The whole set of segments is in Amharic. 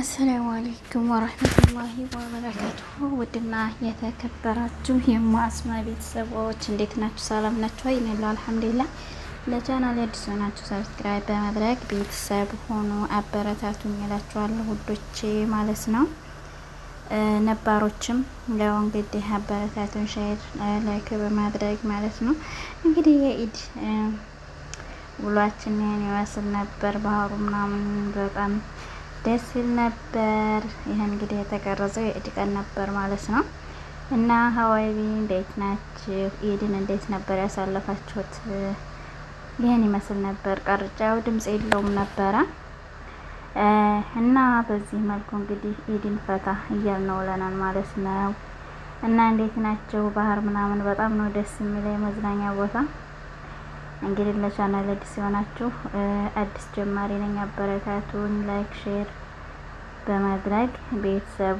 አሰላሙ አለይኩም ወረህመቱላሂ ወበረካቱሁ። ውድና የተከበራችሁ የማስማ ቤተሰቦች እንዴት ናችሁ? ሰላም ናችሁ? ይንለ አልሐምዱሊላህ። ለቻናል አዲስ ናችሁ ሰብስክራይብ በመድረግ ቤተሰብ ሆኖ አበረታቱኝ እላችኋለሁ ውዶቼ ማለት ነው። ነባሮችም ያው እንግዲህ አበረታቱን ሼር፣ ላይክ በማድረግ ማለት ነው። እንግዲህ የኢድ ውሏችን ይመስል ነበር። ባህሩ ምናምን በጣም ደስ ይል ነበር። ይህ እንግዲህ የተቀረጸው የኢድ ቀን ነበር ማለት ነው። እና ሀዋይቢ እንዴት ናችሁ? ኢድን እንዴት ነበር ያሳለፋችሁት? ይህን ይመስል ነበር። ቀርጫው ድምጽ የለውም ነበረ እና በዚህ መልኩ እንግዲህ ኢድን ፈታ ነው ለናል ማለት ነው። እና እንዴት ናቸው ባህር ምናምን በጣም ነው ደስ የሚለው የመዝናኛ ቦታ እንግዲህ ለቻናል አዲስ የሆናችሁ አዲስ ጀማሪ ነኝ፣ አበረታቱን። ላይክ ሼር በማድረግ ቤተሰብ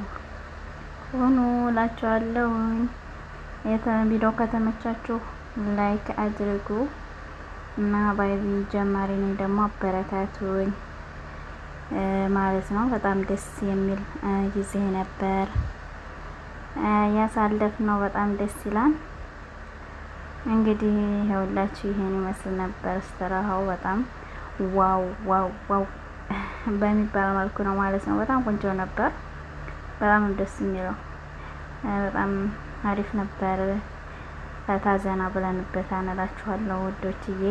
ሁኑ እላችኋለሁ። ቪዲዮ ከተመቻችሁ ላይክ አድርጉ እና ባይዚ ጀማሪ ነኝ ደግሞ አበረታቱኝ ማለት ነው። በጣም ደስ የሚል ጊዜ ነበር ያሳለፍ ነው። በጣም ደስ ይላል። እንግዲህ ይኸውላችሁ ይሄን ይመስል ነበር። እስትራሃው በጣም ዋው ዋው ዋው በሚባል መልኩ ነው ማለት ነው። በጣም ቆንጆ ነበር። በጣም ደስ የሚለው በጣም አሪፍ ነበር። ታዘና ብለንበት አነላችኋለሁ ውዶችዬ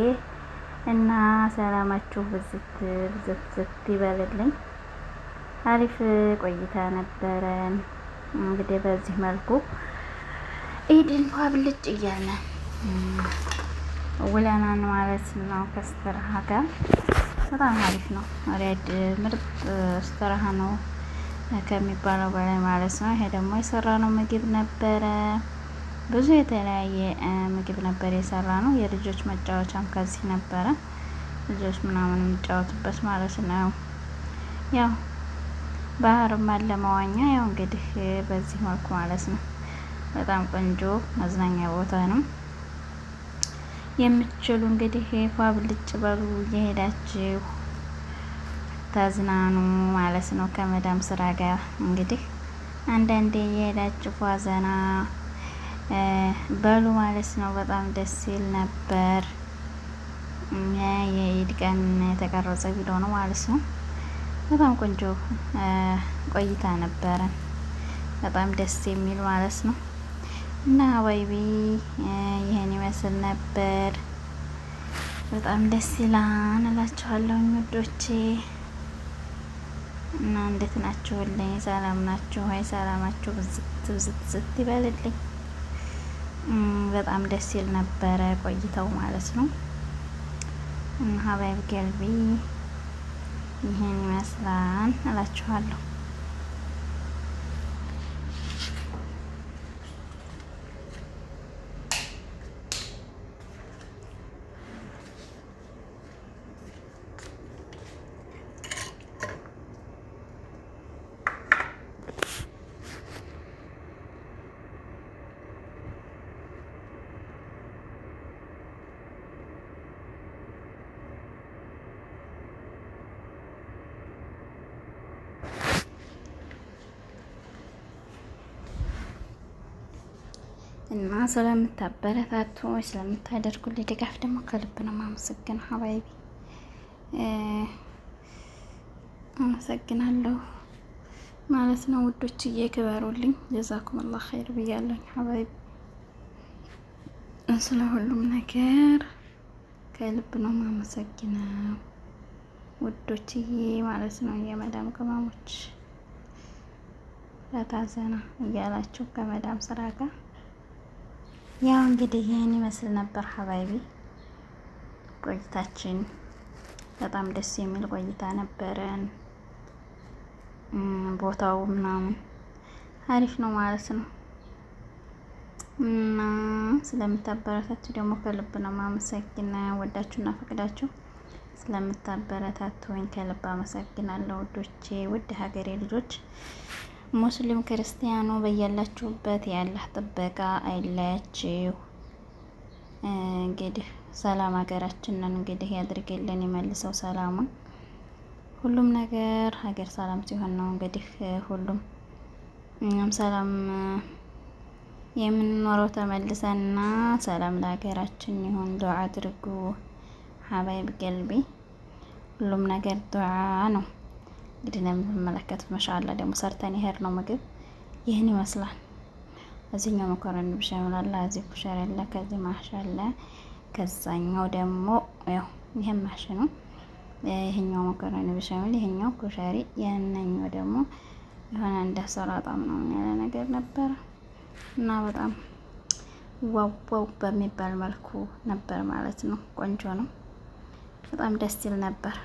እና ሰላማችሁ ብዝት ብዝት ብዝት ይበልልኝ። አሪፍ ቆይታ ነበረን። እንግዲህ በዚህ መልኩ ኢድን ፏ ብልጭ ውለናን ማለት ነው። ከስተርሃ ጋር በጣም አሪፍ ነው። ሪያድ ምርጥ እስትራሃ ነው ከሚባለው በላይ ማለት ነው። ይሄ ደግሞ የሰራ ነው ምግብ ነበረ። ብዙ የተለያየ ምግብ ነበር የሰራ ነው። የልጆች መጫወቻም ከዚህ ነበረ። ልጆች ምናምን የሚጫወቱበት ማለት ነው። ያው ባህርም አለ መዋኛ። ያው እንግዲህ በዚህ መልኩ ማለት ነው። በጣም ቆንጆ መዝናኛ ቦታ ነው። የምትችሉ እንግዲህ ፏብልጭ ብልጭ በሉ እየሄዳችሁ ተዝናኑ ማለት ነው። ከመዳም ስራ ጋር እንግዲህ አንዳንዴ እየሄዳችሁ ፏዘና ዘና በሉ ማለት ነው። በጣም ደስ ይል ነበር። የኢድ ቀን የተቀረጸ ቪዲዮ ነው ማለት ነው። በጣም ቆንጆ ቆይታ ነበረን። በጣም ደስ የሚል ማለት ነው እና ወይቢ ይመስል ነበር። በጣም ደስ ይላል እላችኋለሁ ውዶቼ እና እንዴት ናችሁልኝ? ሰላም ናችሁ ወይ? ሰላማችሁ ብዝት ብዝት ዝት ይበልልኝ። በጣም ደስ ይል ነበረ ቆይተው ማለት ነው። እና ሀባይብ ገልቢ ይህን ይመስላል እላችኋለሁ። እና ስለምታበረታቱ ስለምታደርጉልኝ ድጋፍ ደግሞ ከልብ ነው ማመሰግን ሀባይቢ አመሰግናለሁ ማለት ነው ውዶች፣ እየክበሩልኝ ጀዛኩም አላህ ኸይር ብያለኝ። ሀባይቢ ስለ ሁሉም ነገር ከልብ ነው ማመሰግነው ውዶችዬ ማለት ነው የመዳም ቅመሞች ለታዘና እያላችሁ ከመዳም ስራ ጋር ያው እንግዲህ ይህን ይመስል ነበር ሀባይቢ ቆይታችን። በጣም ደስ የሚል ቆይታ ነበረን። ቦታው ምናምን አሪፍ ነው ማለት ነው እና ስለምታበረታቱ ደግሞ ከልብ ነው ማመሰግና ወዳችሁና ፈቅዳችሁ ስለምታበረታቱኝ ከልብ አመሰግናለሁ። ውዶቼ ውድ ሀገሬ ልጆች ሙስሊም ክርስቲያኑ በያላችሁበት የአላህ ጥበቃ አይለያችሁ። እንግዲህ ሰላም ሀገራችንን እንግዲህ ያድርግልን፣ የመልሰው ሰላሙን። ሁሉም ነገር ሀገር ሰላም ሲሆን ነው እንግዲህ ሁሉም እኛም ሰላም የምንኖረው ተመልሰና፣ ሰላም ለሀገራችን ይሁን። ዱዓ አድርጉ ሀባይብ ገልቢ። ሁሉም ነገር ዱዓ ነው። እንግዲህ ነው የምንመለከቱት። መሻላ ደግሞ ሰርተን ይሄድ ነው ምግብ ይህን ይመስላል። እዚህኛው መኮረኒ ብሸምላ አለ፣ እዚህ ኩሸር ያለ ከዚህ ማሽ አለ፣ ከዛኛው ደግሞ ያው ይሄን ማሽ ነው። ይህኛው መኮረኒ ብሸምል፣ ይህኛው ኩሸሪ፣ ያንኛው ደግሞ የሆነ እንደ ሰላጣ ነው ያለ ነገር ነበር እና በጣም ዋው ዋው በሚባል መልኩ ነበር ማለት ነው። ቆንጆ ነው። በጣም ደስ ይል ነበር።